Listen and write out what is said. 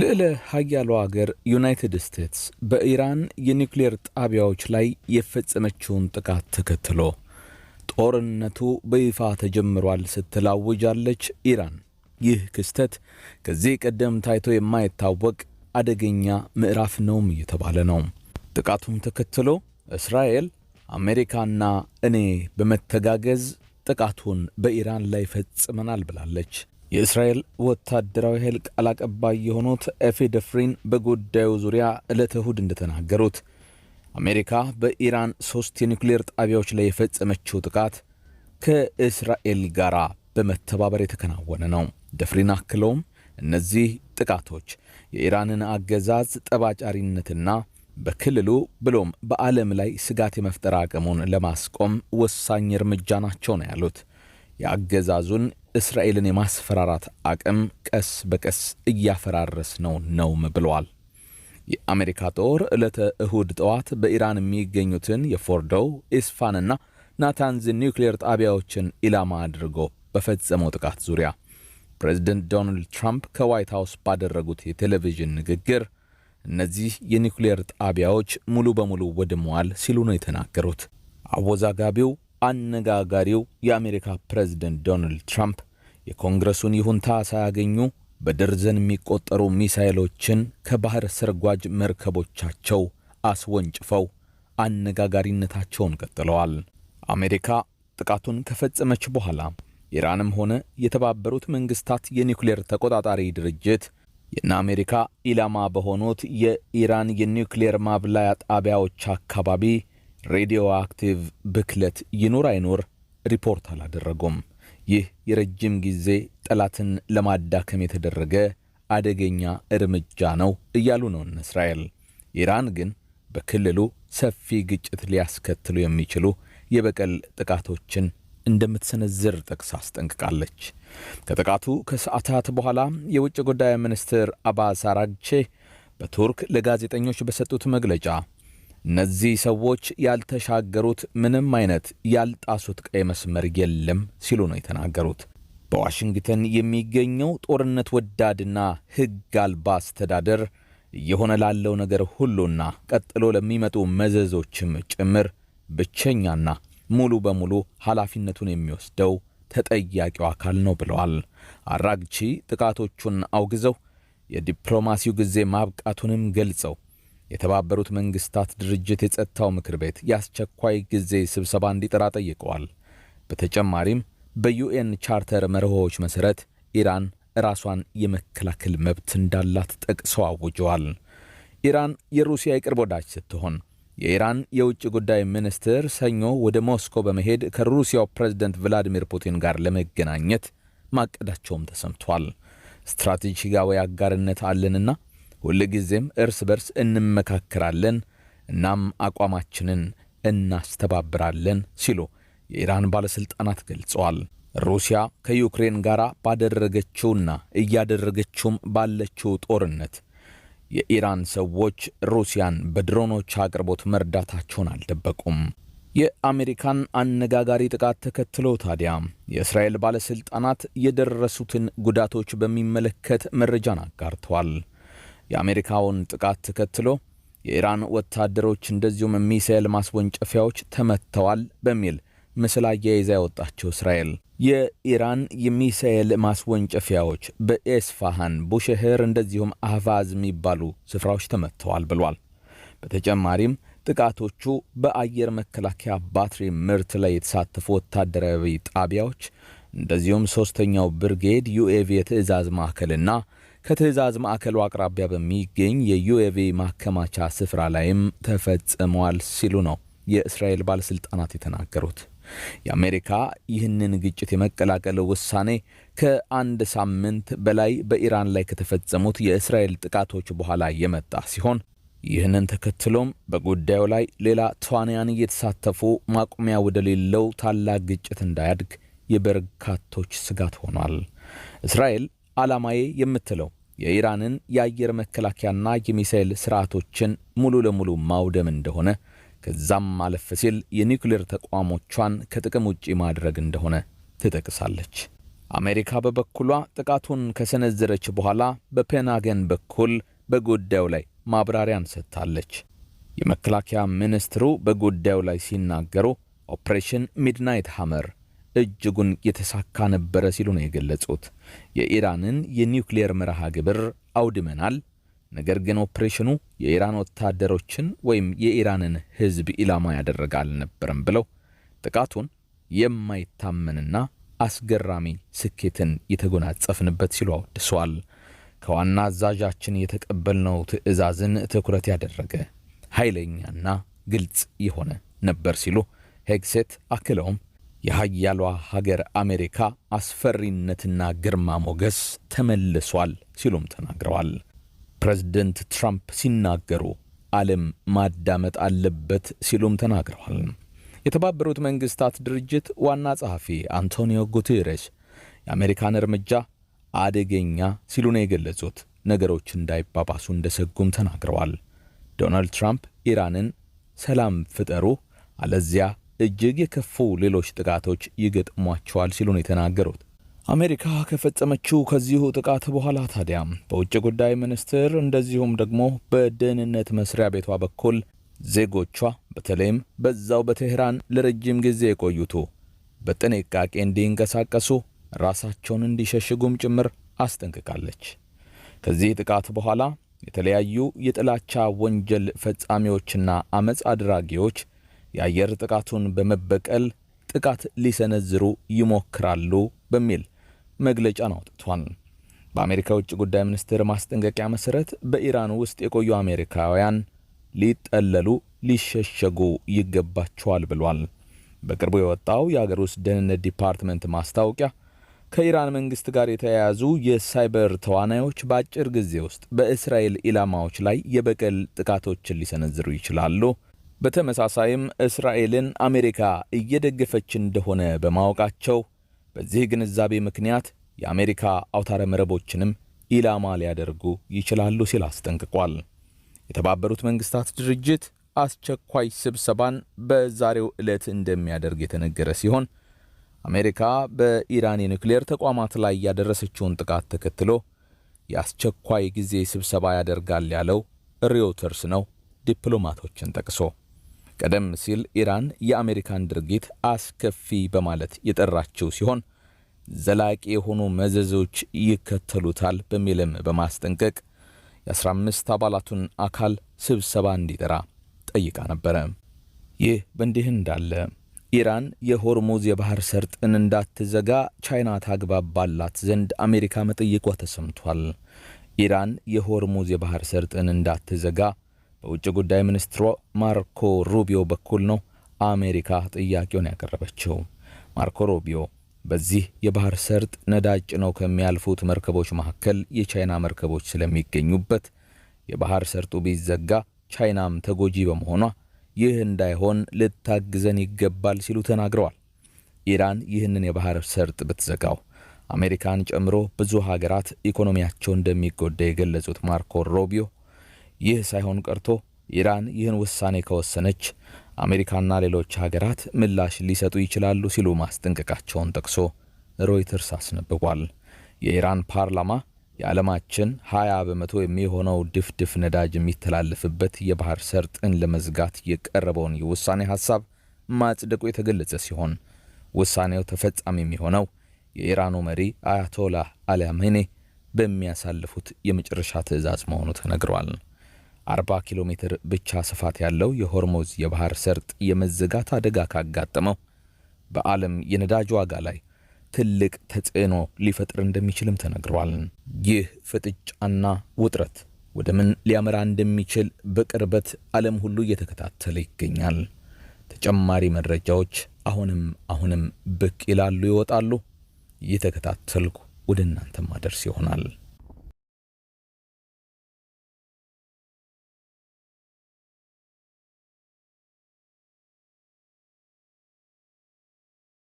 ልዕለ ሀያሉ አገር ዩናይትድ ስቴትስ በኢራን የኒውክሌር ጣቢያዎች ላይ የፈጸመችውን ጥቃት ተከትሎ ጦርነቱ በይፋ ተጀምሯል ስትል አውጃለች ኢራን። ይህ ክስተት ከዚህ ቀደም ታይቶ የማይታወቅ አደገኛ ምዕራፍ ነውም እየተባለ ነው። ጥቃቱም ተከትሎ እስራኤል፣ አሜሪካና እኔ በመተጋገዝ ጥቃቱን በኢራን ላይ ፈጽመናል ብላለች። የእስራኤል ወታደራዊ ኃይል ቃል አቀባይ የሆኑት ኤፌ ደፍሪን በጉዳዩ ዙሪያ ዕለተ እሁድ እንደተናገሩት አሜሪካ በኢራን ሶስት የኒውክሌር ጣቢያዎች ላይ የፈጸመችው ጥቃት ከእስራኤል ጋር በመተባበር የተከናወነ ነው። ደፍሪን አክለውም እነዚህ ጥቃቶች የኢራንን አገዛዝ ጠባጫሪነትና በክልሉ ብሎም በዓለም ላይ ስጋት የመፍጠር አቅሙን ለማስቆም ወሳኝ እርምጃ ናቸው ነው ያሉት። የአገዛዙን እስራኤልን የማስፈራራት አቅም ቀስ በቀስ እያፈራረስ ነው ነውም ብለዋል። የአሜሪካ ጦር ዕለተ እሁድ ጠዋት በኢራን የሚገኙትን የፎርዶ ኢስፋንና ናታንዝ ኒውክሌር ጣቢያዎችን ኢላማ አድርጎ በፈጸመው ጥቃት ዙሪያ ፕሬዚደንት ዶናልድ ትራምፕ ከዋይት ሃውስ ባደረጉት የቴሌቪዥን ንግግር እነዚህ የኒውክሌር ጣቢያዎች ሙሉ በሙሉ ወድመዋል ሲሉ ነው የተናገሩት። አወዛጋቢው አነጋጋሪው የአሜሪካ ፕሬዝደንት ዶናልድ ትራምፕ የኮንግረሱን ይሁንታ ሳያገኙ በደርዘን የሚቆጠሩ ሚሳይሎችን ከባህር ሰርጓጅ መርከቦቻቸው አስወንጭፈው አነጋጋሪነታቸውን ቀጥለዋል። አሜሪካ ጥቃቱን ከፈጸመች በኋላ ኢራንም ሆነ የተባበሩት መንግስታት የኒውክሌር ተቆጣጣሪ ድርጅት የነ አሜሪካ ኢላማ በሆኑት የኢራን የኒውክሌር ማብላያ ጣቢያዎች አካባቢ ሬዲዮ አክቲቭ ብክለት ይኑር አይኑር ሪፖርት አላደረጉም። ይህ የረጅም ጊዜ ጠላትን ለማዳከም የተደረገ አደገኛ እርምጃ ነው እያሉ ነው እነ እስራኤል። ኢራን ግን በክልሉ ሰፊ ግጭት ሊያስከትሉ የሚችሉ የበቀል ጥቃቶችን እንደምትሰነዝር ጠቅሳ አስጠንቅቃለች። ከጥቃቱ ከሰዓታት በኋላ የውጭ ጉዳይ ሚኒስትር አባስ አራግቼ በቱርክ ለጋዜጠኞች በሰጡት መግለጫ እነዚህ ሰዎች ያልተሻገሩት ምንም አይነት ያልጣሱት ቀይ መስመር የለም ሲሉ ነው የተናገሩት። በዋሽንግተን የሚገኘው ጦርነት ወዳድና ሕግ አልባ አስተዳደር እየሆነ ላለው ነገር ሁሉና ቀጥሎ ለሚመጡ መዘዞችም ጭምር ብቸኛና ሙሉ በሙሉ ኃላፊነቱን የሚወስደው ተጠያቂው አካል ነው ብለዋል። አራግቺ ጥቃቶቹን አውግዘው የዲፕሎማሲው ጊዜ ማብቃቱንም ገልጸው የተባበሩት መንግስታት ድርጅት የጸጥታው ምክር ቤት የአስቸኳይ ጊዜ ስብሰባ እንዲጠራ ጠይቀዋል። በተጨማሪም በዩኤን ቻርተር መርሆዎች መሠረት ኢራን ራሷን የመከላከል መብት እንዳላት ጠቅሰው አውጀዋል። ኢራን የሩሲያ የቅርብ ወዳጅ ስትሆን የኢራን የውጭ ጉዳይ ሚኒስትር ሰኞ ወደ ሞስኮ በመሄድ ከሩሲያው ፕሬዝደንት ቭላዲሚር ፑቲን ጋር ለመገናኘት ማቀዳቸውም ተሰምቷል። ስትራቴጂካዊ አጋርነት አለንና ሁልጊዜም እርስ በርስ እንመካከራለን፣ እናም አቋማችንን እናስተባብራለን ሲሉ የኢራን ባለሥልጣናት ገልጸዋል። ሩሲያ ከዩክሬን ጋር ባደረገችውና እያደረገችውም ባለችው ጦርነት የኢራን ሰዎች ሩሲያን በድሮኖች አቅርቦት መርዳታቸውን አልደበቁም። የአሜሪካን አነጋጋሪ ጥቃት ተከትሎ ታዲያ የእስራኤል ባለሥልጣናት የደረሱትን ጉዳቶች በሚመለከት መረጃን አጋርተዋል። የአሜሪካውን ጥቃት ተከትሎ የኢራን ወታደሮች እንደዚሁም ሚሳኤል ማስወንጨፊያዎች ተመትተዋል በሚል ምስል አያይዛ ያወጣቸው እስራኤል የኢራን የሚሳኤል ማስወንጨፊያዎች በኤስፋሃን፣ ቡሸሄር እንደዚሁም አህቫዝ የሚባሉ ስፍራዎች ተመትተዋል ብሏል። በተጨማሪም ጥቃቶቹ በአየር መከላከያ ባትሪ ምርት ላይ የተሳተፉ ወታደራዊ ጣቢያዎች እንደዚሁም ሦስተኛው ብርጌድ ዩኤቪ የትዕዛዝ ማዕከልና ከትዕዛዝ ማዕከሉ አቅራቢያ በሚገኝ የዩኤቪ ማከማቻ ስፍራ ላይም ተፈጽሟል ሲሉ ነው የእስራኤል ባለሥልጣናት የተናገሩት። የአሜሪካ ይህንን ግጭት የመቀላቀል ውሳኔ ከአንድ ሳምንት በላይ በኢራን ላይ ከተፈጸሙት የእስራኤል ጥቃቶች በኋላ የመጣ ሲሆን ይህንን ተከትሎም በጉዳዩ ላይ ሌላ ተዋንያን እየተሳተፉ ማቆሚያ ወደሌለው ታላቅ ግጭት እንዳያድግ የበርካቶች ስጋት ሆኗል። እስራኤል ዓላማዬ የምትለው የኢራንን የአየር መከላከያና የሚሳኤል ስርዓቶችን ሙሉ ለሙሉ ማውደም እንደሆነ ከዛም አለፍ ሲል የኒውክሌር ተቋሞቿን ከጥቅም ውጪ ማድረግ እንደሆነ ትጠቅሳለች። አሜሪካ በበኩሏ ጥቃቱን ከሰነዘረች በኋላ በፔንታገን በኩል በጉዳዩ ላይ ማብራሪያን ሰጥታለች። የመከላከያ ሚኒስትሩ በጉዳዩ ላይ ሲናገሩ ኦፕሬሽን ሚድናይት ሐመር እጅጉን የተሳካ ነበረ ሲሉ ነው የገለጹት። የኢራንን የኒውክሌር መርሃ ግብር አውድመናል ነገር ግን ኦፕሬሽኑ የኢራን ወታደሮችን ወይም የኢራንን ሕዝብ ኢላማ ያደረገ አልነበረም ብለው ጥቃቱን የማይታመንና አስገራሚ ስኬትን የተጎናጸፍንበት ሲሉ አወድሰዋል። ከዋና አዛዣችን የተቀበልነው ትዕዛዝን ትኩረት ያደረገ ኃይለኛና ግልጽ የሆነ ነበር ሲሉ ሄግሴት አክለውም የሀያሏ ሀገር አሜሪካ አስፈሪነትና ግርማ ሞገስ ተመልሷል ሲሉም ተናግረዋል። ፕሬዝደንት ትራምፕ ሲናገሩ ዓለም ማዳመጥ አለበት ሲሉም ተናግረዋል። የተባበሩት መንግስታት ድርጅት ዋና ጸሐፊ አንቶኒዮ ጉቴሬስ የአሜሪካን እርምጃ አደገኛ ሲሉ ነው የገለጹት። ነገሮች እንዳይባባሱ እንደሰጉም ተናግረዋል። ዶናልድ ትራምፕ ኢራንን ሰላም ፍጠሩ፣ አለዚያ እጅግ የከፉ ሌሎች ጥቃቶች ይገጥሟቸዋል ሲሉ ነው የተናገሩት። አሜሪካ ከፈጸመችው ከዚሁ ጥቃት በኋላ ታዲያ በውጭ ጉዳይ ሚኒስቴር እንደዚሁም ደግሞ በደህንነት መስሪያ ቤቷ በኩል ዜጎቿ በተለይም በዛው በቴህራን ለረጅም ጊዜ የቆዩቱ በጥንቃቄ እንዲንቀሳቀሱ ራሳቸውን እንዲሸሽጉም ጭምር አስጠንቅቃለች። ከዚህ ጥቃት በኋላ የተለያዩ የጥላቻ ወንጀል ፈጻሚዎችና አመፅ አድራጊዎች የአየር ጥቃቱን በመበቀል ጥቃት ሊሰነዝሩ ይሞክራሉ በሚል መግለጫን አውጥቷል። በአሜሪካ ውጭ ጉዳይ ሚኒስቴር ማስጠንቀቂያ መሰረት በኢራን ውስጥ የቆዩ አሜሪካውያን ሊጠለሉ፣ ሊሸሸጉ ይገባቸዋል ብሏል። በቅርቡ የወጣው የአገር ውስጥ ደህንነት ዲፓርትመንት ማስታወቂያ ከኢራን መንግስት ጋር የተያያዙ የሳይበር ተዋናዮች በአጭር ጊዜ ውስጥ በእስራኤል ኢላማዎች ላይ የበቀል ጥቃቶችን ሊሰነዝሩ ይችላሉ። በተመሳሳይም እስራኤልን አሜሪካ እየደገፈች እንደሆነ በማወቃቸው በዚህ ግንዛቤ ምክንያት የአሜሪካ አውታረ መረቦችንም ኢላማ ሊያደርጉ ይችላሉ ሲል አስጠንቅቋል። የተባበሩት መንግስታት ድርጅት አስቸኳይ ስብሰባን በዛሬው ዕለት እንደሚያደርግ የተነገረ ሲሆን አሜሪካ በኢራን የኒውክሌር ተቋማት ላይ ያደረሰችውን ጥቃት ተከትሎ የአስቸኳይ ጊዜ ስብሰባ ያደርጋል ያለው ሪውተርስ ነው ዲፕሎማቶችን ጠቅሶ ቀደም ሲል ኢራን የአሜሪካን ድርጊት አስከፊ በማለት የጠራችው ሲሆን ዘላቂ የሆኑ መዘዞች ይከተሉታል በሚልም በማስጠንቀቅ የ15 አባላቱን አካል ስብሰባ እንዲጠራ ጠይቃ ነበረ። ይህ በእንዲህ እንዳለ ኢራን የሆርሙዝ የባህር ሰርጥን እንዳትዘጋ ቻይና ባላት ዘንድ አሜሪካ መጠየቋ ተሰምቷል። ኢራን የሆርሙዝ የባህር ሰርጥን እንዳትዘጋ በውጭ ጉዳይ ሚኒስትሯ ማርኮ ሩቢዮ በኩል ነው አሜሪካ ጥያቄውን ያቀረበችው። ማርኮ ሩቢዮ በዚህ የባህር ሰርጥ ነዳጅ ጭነው ከሚያልፉት መርከቦች መካከል የቻይና መርከቦች ስለሚገኙበት የባህር ሰርጡ ቢዘጋ ቻይናም ተጎጂ በመሆኗ ይህ እንዳይሆን ልታግዘን ይገባል ሲሉ ተናግረዋል። ኢራን ይህንን የባህር ሰርጥ ብትዘጋው አሜሪካን ጨምሮ ብዙ ሀገራት ኢኮኖሚያቸው እንደሚጎዳ የገለጹት ማርኮ ሩቢዮ ይህ ሳይሆን ቀርቶ ኢራን ይህን ውሳኔ ከወሰነች አሜሪካና ሌሎች ሀገራት ምላሽ ሊሰጡ ይችላሉ ሲሉ ማስጠንቀቃቸውን ጠቅሶ ሮይተርስ አስነብቧል። የኢራን ፓርላማ የዓለማችን 20 በመቶ የሚሆነው ድፍድፍ ነዳጅ የሚተላለፍበት የባህር ሰርጥን ለመዝጋት የቀረበውን የውሳኔ ሐሳብ ማጽደቁ የተገለጸ ሲሆን ውሳኔው ተፈጻሚ የሚሆነው የኢራኑ መሪ አያቶላ አሊ በሚያሳልፉት የመጨረሻ ትዕዛዝ መሆኑ ተነግሯል። 40 ኪሎ ሜትር ብቻ ስፋት ያለው የሆርሞዝ የባህር ሰርጥ የመዘጋት አደጋ ካጋጠመው በዓለም የነዳጅ ዋጋ ላይ ትልቅ ተጽዕኖ ሊፈጥር እንደሚችልም ተነግሯል። ይህ ፍጥጫና ውጥረት ወደ ምን ሊያመራ እንደሚችል በቅርበት ዓለም ሁሉ እየተከታተለ ይገኛል። ተጨማሪ መረጃዎች አሁንም አሁንም ብቅ ይላሉ፣ ይወጣሉ። እየተከታተልኩ ወደ እናንተ ማደርስ ይሆናል።